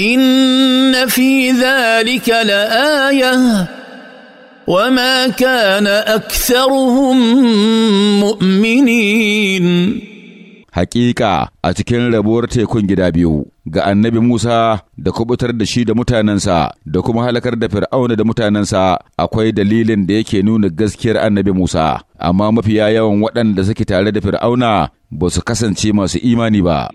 ان في ذلك لايه وما كان اكثرهم مؤمنين Hakika a cikin rabuwar tekun gida biyu ga annabi Musa da kubutar da shi da mutanensa da kuma halakar da fir'auna da mutanensa akwai dalilin da yake nuna gaskiyar annabi Musa, amma mafiya yawan waɗanda suke tare da fir'auna ba su kasance masu imani ba.